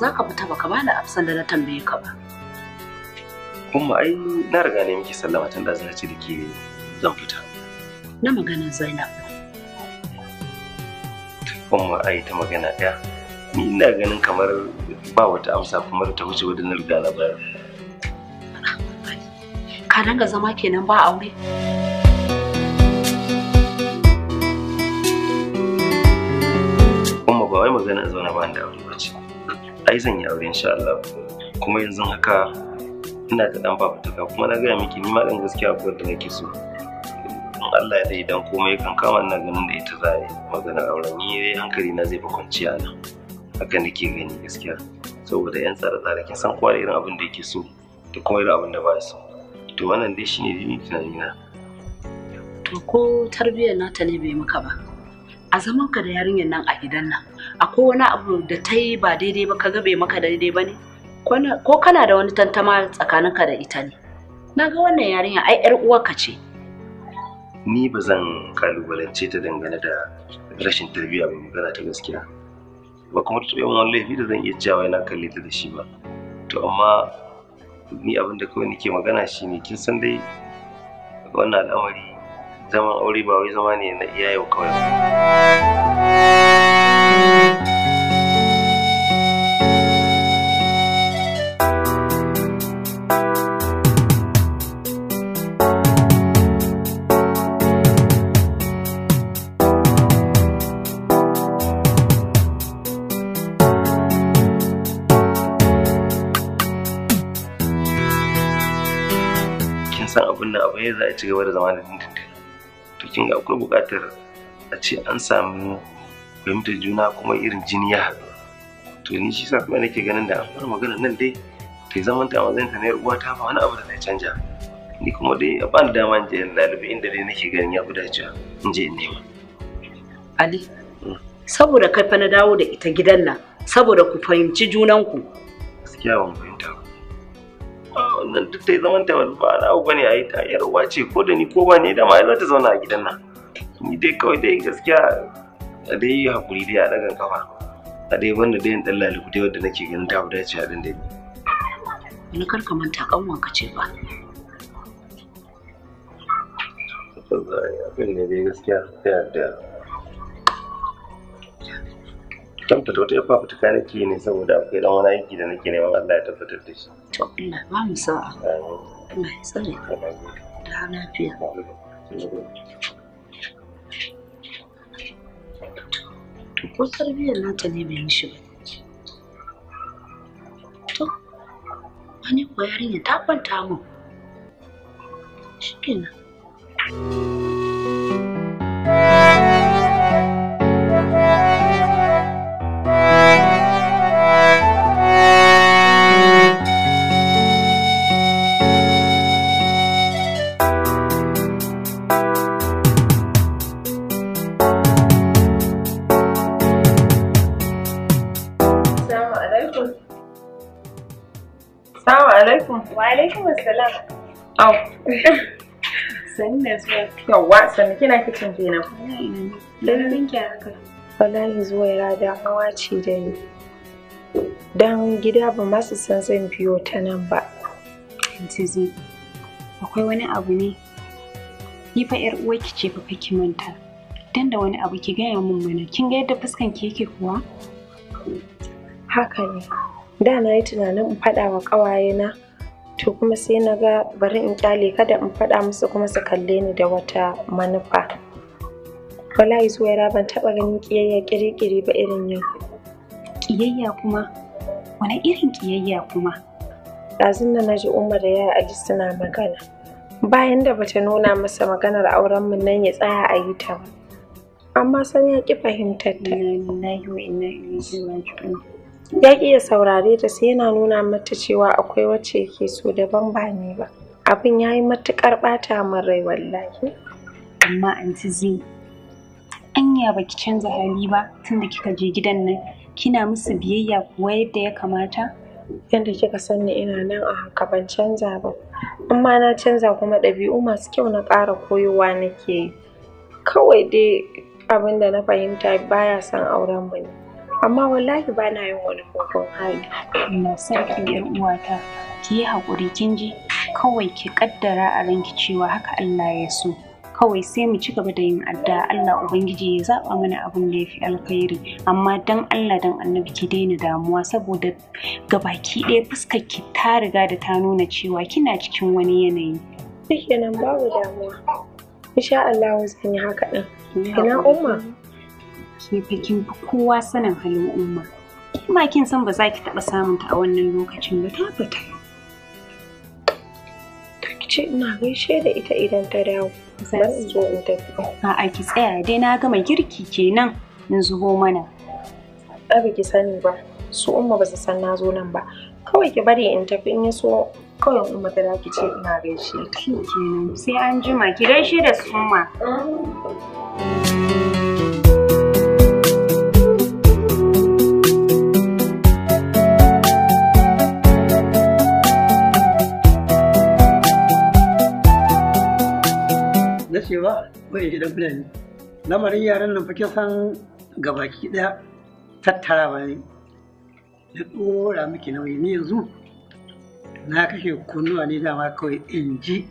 za ka fita baka bani amsar da na tambaye ka ba umma ai na riga ne miki sallama tun da zan ci da ke zan fita na magana zainab umma ai ta magana ɗaya ni ina ganin kamar ba wata amsa kuma da ta wuce wadda na riga na bayar ka dinga zama kenan ba aure umma ba wai magana zauna ba da aure ba ce ai zan yi aure insha Allah kuma yanzu haka ina da dan fafutuka kuma na gaya miki ni ma dan gaskiya ko da nake so Allah ya dai dan komai kan kama ina ganin da ita za magana auren ni dai hankali na zai fi kwanciya na haka nake gani gaskiya saboda yan tsara-tsara kin san kowa irin abin da yake so da kuma irin abin da ba so to wannan dai shine dai tunanina to ko tarbiyyar nata ne bai maka ba a zaman ka da yarinyar nan a gidan nan akwai wani abu da ta yi ba daidai ba ka bai maka daidai ba ne ko kana da wani tantama tsakaninka da ita ne na ga wannan yarinya ai yar ka ce ni ba zan kalubalance ta dangane da rashin tarbiyya ba magana ta gaskiya ba kuma ta yawan wani laifi da zan iya cewa ina kalle ta da shi ba to amma ni abin da kawai nake magana shine kin san dai wannan al'amari zaman aure ba wai zama ne na iya yau kawai ba san abin da abin za a ci gaba da zama da to kin ga akwai buƙatar a ce an samu fahimtar juna kuma irin jini ya haɗu to ni shi sa kuma nake ganin da an fara magana nan dai ta zaman ta mazan ta na uwa ta ba wani abu da zai canja ni kuma dai a ba dama in je yan lalibi inda dai nake ganin ya fi dacewa in je in nema ali mm. saboda kai fa na dawo da ita gidan nan saboda ku fahimci junanku gaskiya ban fahimta wannan duk ta yi zaman ta ba na abu ne a yi ta rawa ce ko da ni ko ba ne dama ai za ta zauna a gidan nan ni dai kawai dai gaskiya a dai yi hakuri dai a ɗagan kafa a dai wanda dai ɗan lalibu dai wanda nake ganin ta wadace a ɗan dai wani kar ka manta kanwan ka ce ba abin ne dai gaskiya ta yarda tamta da wata yafa fituka nake ne saboda akwai dan wani aiki da nake neman Allah ya tabbatar da shi To Allah ba mu sa'a. Allah ya tsare. Da lafiya. Ko tarbiyyar nata ne bai mishi ba. To, wani ko yarinya ta kwanta mun. Shi Au. Sani da zuwa. wa sani kina kicin kenan. Lalabin ki haka. Wallahi zuwa ya damawa ce da ni. Dan gida ba masu san zan biyo ta nan ba. Anti zai. Akwai wani abu ne. Ni fa ƴar uwarki ce fa kake manta. Dan da wani abu ki gaya min mana. Kin ga yadda fuskan ki yake kuwa? Haka ne. Da na yi tunanin in faɗa wa ƙawayena to kuma sai na ga bari in kyale kada in faɗa musu kuma su kalle ni da wata manufa wallahi zuwa ban taɓa ganin ƙiyayya ƙiri ba irin yau ƙiyayya kuma wani irin ƙiyayya kuma ɗazun na ji Umar da yaya ali suna magana bayan da bata nuna masa maganar auren mu nan ya tsaya a yi ta ba amma san ya ƙi fahimtar ta ya iya saurare ta sai yana nuna mata cewa akwai wacce ke so daban ba ni ba abin ya yi matuƙar ɓata min rai wallahi amma anti zai anya baki canza hali ba tunda kika je gidan nan kina musu biyayya kuwa yadda ya kamata yadda kika sanni ina nan a haka ban canza ba amma na canza kuma ɗabi'u masu kyau na ƙara koyowa nake kawai dai abin da na fahimta baya son auren mu ne amma wallahi ba na yin wani mugun hali na san yan uwata ki yi haƙuri kin ji kawai ki kaddara a ranki cewa haka Allah ya so kawai sai mu ci gaba da yin addu'a Allah ubangiji ya zaba mana abin da yafi alkhairi amma dan Allah dan annabi ki daina damuwa saboda gabaki ɗaya fuskar ki ta riga da ta nuna cewa kina cikin wani yanayi shikenan babu damuwa insha Allah zan yi haka din ina umma fakin kowa sanin halin umma kuma kin san ba za ki taɓa samun ta a wannan lokacin da ta fita ta ce ina gaishe da ita idan ta dawo bari in zo in tafi a'a ki tsaya dai na gama girki kenan in zubo mana abi ki sani ba su umma ba su san na zo nan ba kawai ki bari in tafi in yi so kawai umma ta ki ce ina gaishe ki kenan sai an jima ki gaishe da su umma mm. idan gidan ne lamarin yaran nan fake san gabaki daya tattara ba ne da dora miki nauyi ni yanzu na kashe kunnuwa ne dama kawai in ji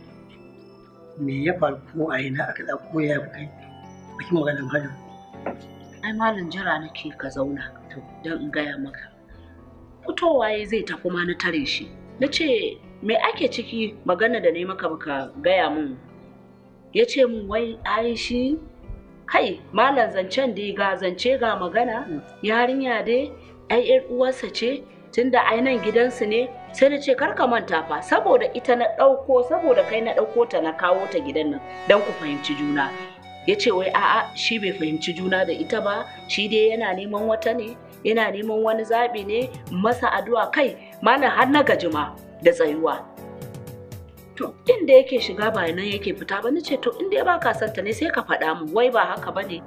me ya faru ko a ina aka da ko ya kai magana ba hajji ai malam jira nake ka zauna don in gaya maka fitowa ya zai tafi ma na tare shi na ce me ake ciki magana da ne maka baka gaya min ya ce min wai ai shi kai malam zancen dai ga zance ga magana yarinya dai ai yar uwarsa ce tunda ai nan gidansu ne sai na ce kar ka manta fa saboda ita na ɗauko saboda kai na ɗauko ta na kawo ta gidan nan don ku fahimci juna ya ce wai a'a shi bai fahimci juna da ita ba shi dai yana neman wata ne yana neman wani zaɓi ne masa addu'a kai malam har na gajima da tsayuwa to inda yake shiga ba nan yake fita ba nace to inda ba ka santa ne sai ka faɗa mu wai ba haka bane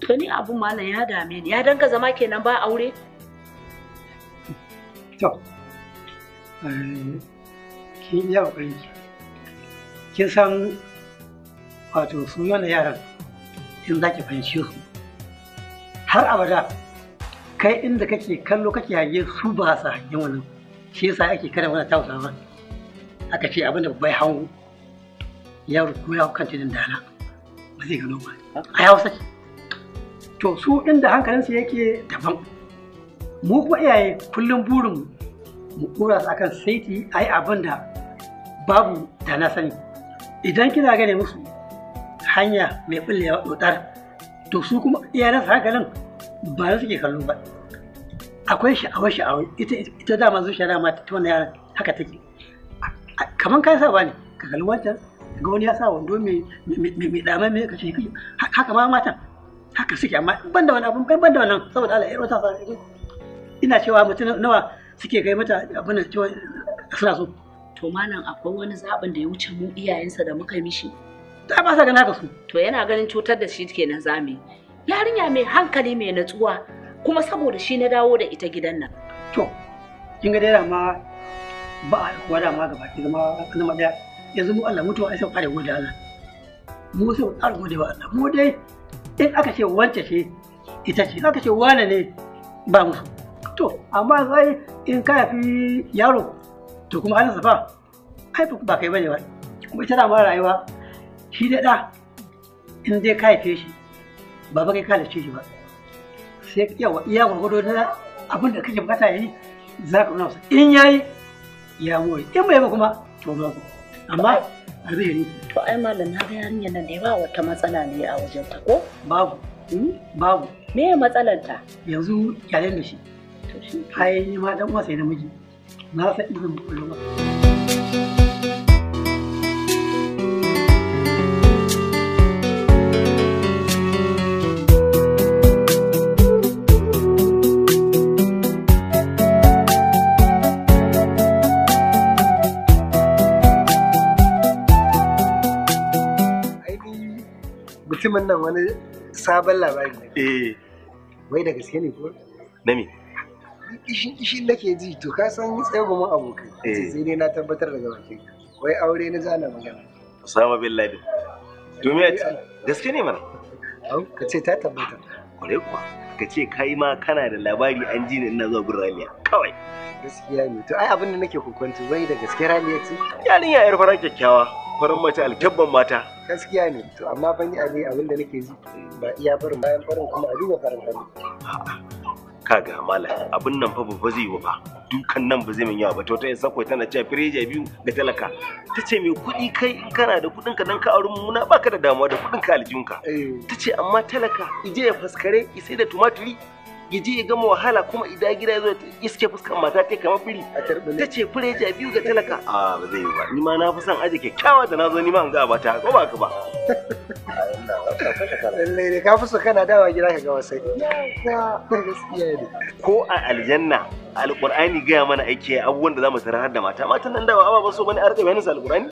to ni abun malam ya dame ni ya danka zama kenan ba aure to kin iya ƙoƙarin ki kin san wato su yana yaran in za ki fahimci su har abada kai inda kake kallo kake hange su ba sa hangen wannan shi yasa ake kada wani tausawa aka ce abinda bai hangu ya ruku ya kan tudun dana ba zai gano ba a hausa ce to su inda hankalinsu yake daban mu kuma iyaye kullum burin mu kura su akan saiti ai abin da babu da na sani idan kina gane musu hanya mai bullewa dotar to su kuma iyayen hankalin ba su ke kallo ba akwai sha'awa sha'awa ita ita dama shara ma ta tona yaran haka take kaman kai saba ne ka kalli wancan ga wani ya sa wando mai mai dama mai kace haka ma matan haka suke amma ban da wani abun ban da wannan saboda Allah ya rota sa ina cewa mutum nawa suke kai mata abin da cewa suna so to malam akwai wani zaɓin da ya wuce mu iyayensa da muka mishi ta ba sa ganin haka su to yana ganin cutar da shi kenan zame yarinya mai hankali mai natsuwa kuma saboda shi na dawo da ita gidan nan to kin ga dai dama ba a kuwa dama gaba ki zama zama daya yanzu mu Allah mutuwa ai sai fara gode Allah mu sai mu fara gode wa Allah mu dai in aka ce wance ce ita ce aka ce wane ne ba musu to amma sai in ka fi yaro to kuma halin safa ai ba kai bane ba kuma ita dama rayuwa shi da da in dai ka haife shi ba ba kai ka halice shi ba sai yawa iya gwargwado na abin da kake bukata yayi za ka nuna in yayi ya more in bai ba kuma to ba ku amma alheri to ai malam na ga yarinyar nan da ba wata matsala ne a wajen ta ko babu hmm? babu me ya matsalar ta yanzu yaren da shi to shi ai ma dan wasa namiji na san ilimin kullum mutumin nan wani sabon labari ne. Eh. Wai da gaske ne ko? Na me? Kishin kishin nake ji to ka san tsaye gumin abokai. Eh. Sai dai na tabbatar daga bakin. Wai aure na zana magana. Osama bin Laden. Domin ya ce gaske ne mana. Au ka ce ta tabbata. Kware kuwa ka ce kai ma kana da labari an ji ne ina zuwa gurin ramiya. kawai. Gaskiya ne to ai abin da nake kokonto wai da gaske ramiya ce. Yarinya yar fara kyakkyawa. farin mace alkyabban mata gaskiya ne to amma ban yi abin abin da nake ji ba iya farin bayan farin kuma a duba farin farin kaga malam abin nan fa ba zai yi ba dukan nan ba zai min yawa ba to ta yin sakwai tana cewa firija biyu ga talaka ta ce mai kuɗi kai in kana da kuɗin ka dan ka auri muna baka da damuwa da kuɗin ka aljihunka eh. ta ce amma talaka ije ya faskare isai da tumaturi gije ya gama wahala kuma idan gida zo iske fuskan mata ta kamar biri ta ce fure ja biyu ga talaka a ba zai yi ba ni ma na fi son aje kyakkyawa da na zo ni ma an ga ba ta ko ba ka ba lalle ne ka fi so kana dawa gida ka ga wasai ko a aljanna alqur'ani gaya mana ake abubuwan da za mu tarar da mata matan nan dawa ba so bane a rika bayanin alqur'ani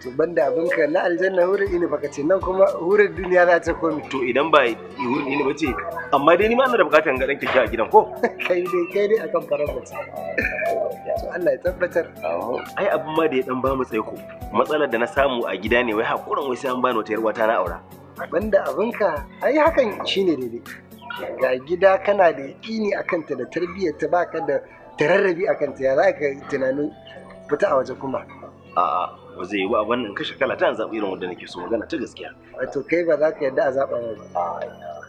to banda abin ka na aljanna hurin ini baka ce nan kuma hurin duniya za ta komi to idan ba hurin ini ba ce amma dai ni ma ina da bukatar ga dan a gidan ko kai dai kai dai akan farar mace to Allah ya tabbatar ai abin ma da ya dan ba mu tsaiko matsalar da na samu a gida ne wai hakurin wai sai an bani wata yarwa ta na aura banda abin ka ai hakan shine daidai ga gida kana da yaƙini a kanta da tarbiyyar ta baka da tararrabi a kanta ya za ka tunanin fita a waje kuma a'a ba zai yi ba abin in kashe kala ta an zaɓi irin wanda nake so magana ta gaskiya wato kai ba za ka yadda a zaɓa mai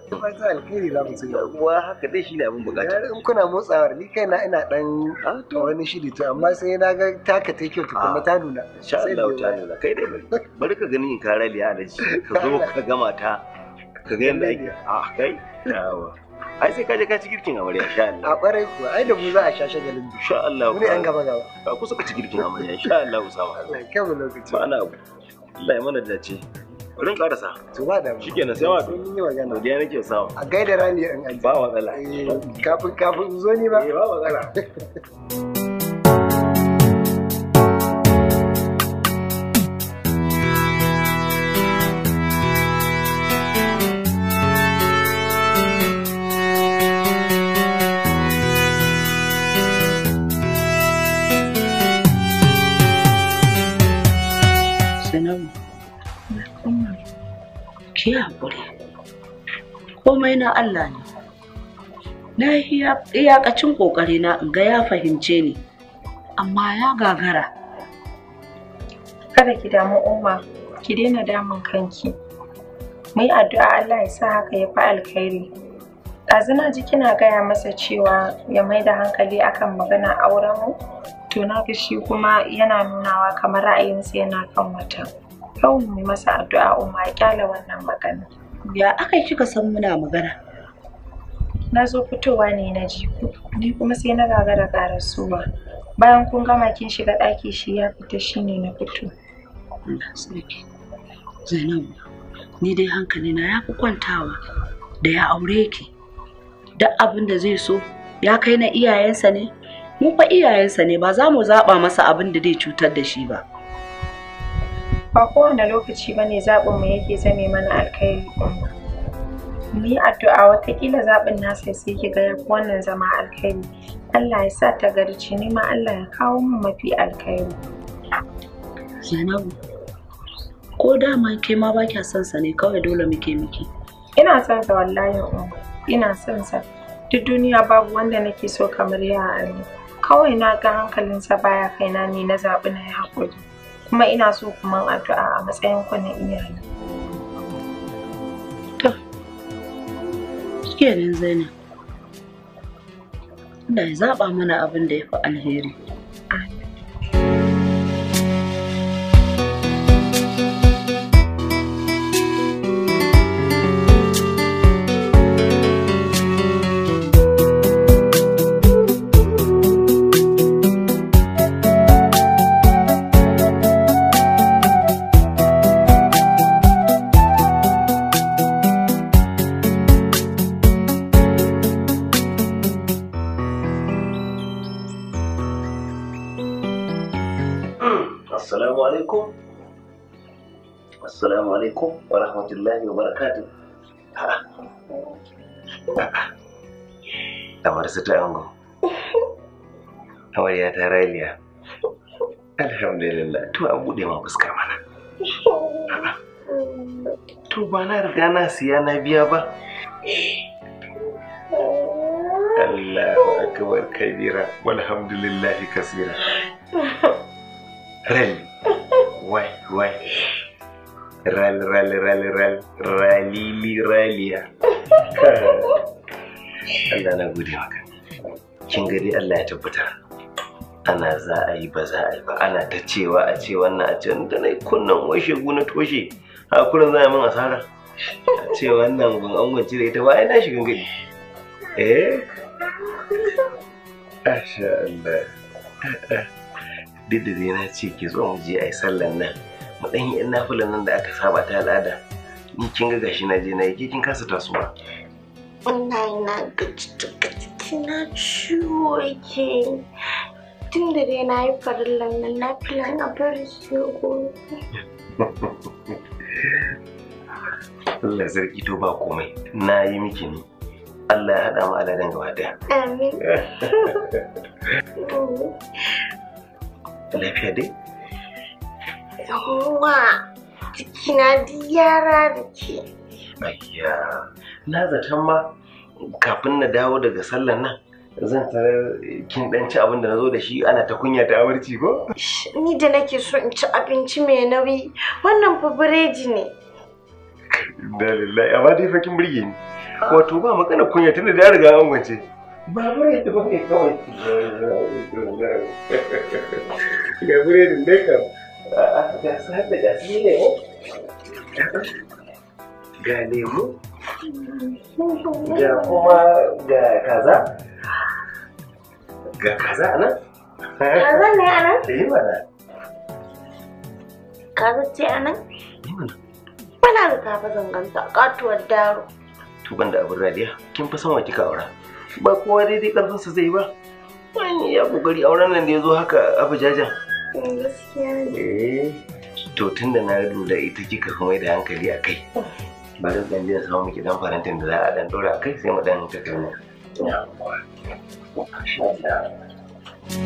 ba ba za alkhairi za mu tsaya wa haka dai shi ne abin bukata in kuna motsawar ni kaina ina dan ah, wani shiri to amma sai na ga taka ta kyau kuma ah, ta nuna insha Allah ta nuna kai dai bari ka gani in ka rali alaji ka zo ka gama ta ka ga yanda ake a ah, kai yawa ai sai ka je ka ci girkin amarya insha Allah a kwarai kuwa ai da mu za a sha shagalin insha Allah mu an gaba gaba ka kusa ka ci girkin amarya insha Allah usama Allah kai mu lokaci ba na abu Allah ya mana dace Rin karasa. To ba da. Shikenan sai to Mun yi magana. Godiya nake sawa. A gaida rani in alji. Ba wa matsala. Eh, kafin kafin zo ni ba. Eh, ba wa matsala. komai na Allah ne na iyakacin kokari na in ga ya fahimce ni amma ya gagara kada ki damu umma ki daina damun kanki mu yi addu'a Allah ya sa haka ya fi alkhairi ɗazuna ji kina gaya masa cewa ya mai da hankali akan magana auren mu to na ga shi kuma yana nunawa kamar ra'ayinsa yana kan wata kawai mu masa addu'a umma ya kyale wannan magana Ya aka kika san muna magana? Na zo fitowa ne na ji ni kuma sai na da karasuwa, Bayan kun gama kin shiga ɗaki shi ya fita shi ne na fito. zainab ni dai hankali na ya fi kwantawa da ya aure ki. Duk abin da zai so ya kai na iyayensa ne? Mu fa iyayensa ne ba za mu zaɓa masa abin da zai cutar da shi ba. ba kowane lokaci ba ne mu yake zame mana alkhairi umma mu yi addu'a watakila zaɓin nasa sai ki ga wannan zama alkhairi Allah ya sa ta garci ni ma Allah ya kawo mu mafi alkhairi Zainabu ko dama ke ma ba kya son sa ne kawai dole muke miki ina son sa wallahi umma ina son sa duk duniya babu wanda nake so kamar ya Ali kawai na ga hankalinsa baya kaina ne na zaɓi na yi haƙuri kuma ina so kuma addu'a a matsayin ku na iyali. to kenan zainab Allah ya zaba mana abin da ya fi alheri ta raliya alhamdulillah to an bude ma fuska mana to ba na riga na siya na biya ba Allahu akbar kabira walhamdulillah kasira rally wai wai rally rally rally rali li raliya Allah na gode maka kin gari Allah ya tabbatar ana za a yi ba za a yi ba ana ta cewa a ce wannan a ce da na kunnan washe guna toshe a kurin za a min asara a ce wannan gun an wance da ita ba ai na shi gari eh asha Allah duk da dai na ce ki zo mu je a yi sallan nan mu ɗan yi na fulan nan da aka saba ta al'ada ni kin ga gashi na je na yi kin kasa tasowa Ina na gaji gaji na ciwo yake tun da dai na yi farillan nan na fi na bari su yi gobe. Allah zargi to ba komai na yi miki ne. Allah ya haɗa mu aladen gaba daya. Amin. Lafiya dai? Yawwa, jikina duk yara da ke. Ayya, na zaton ma kafin na dawo daga sallan nan zan tarar kin dan ci abin da na zo da shi ana ta kunya ta awarci ko? Ni da nake so in ci abinci mai nauyi wannan fa biredi ne. Da lillahi amma dai fakin birge ni. Ah. Wato ba magana kunya tunda da riga an wance. Ba biredi ba ne kawai. Ga biredin dai kam. su har da ga su ne Ga lemu. Ga kuma ga kaza. Ga kaza a nan? Kazan ne a nan? mana. Kaza ce a nan? Yi mana. Bana da tafi zanganta katuwar daro. Tuban da abin radiya, kin fi son wa kika aura. Ba kowa daidai ƙarfinsa zai ba. Wani ya kokari auren nan da ya zo haka abu jajan. Eh, gaskiya ne. Eh, to tun da na lura ita kika kuma da hankali a kai bari zan je samu miki dan farantin da za a dan dora a kai sai mu dan tattauna 我可是呀。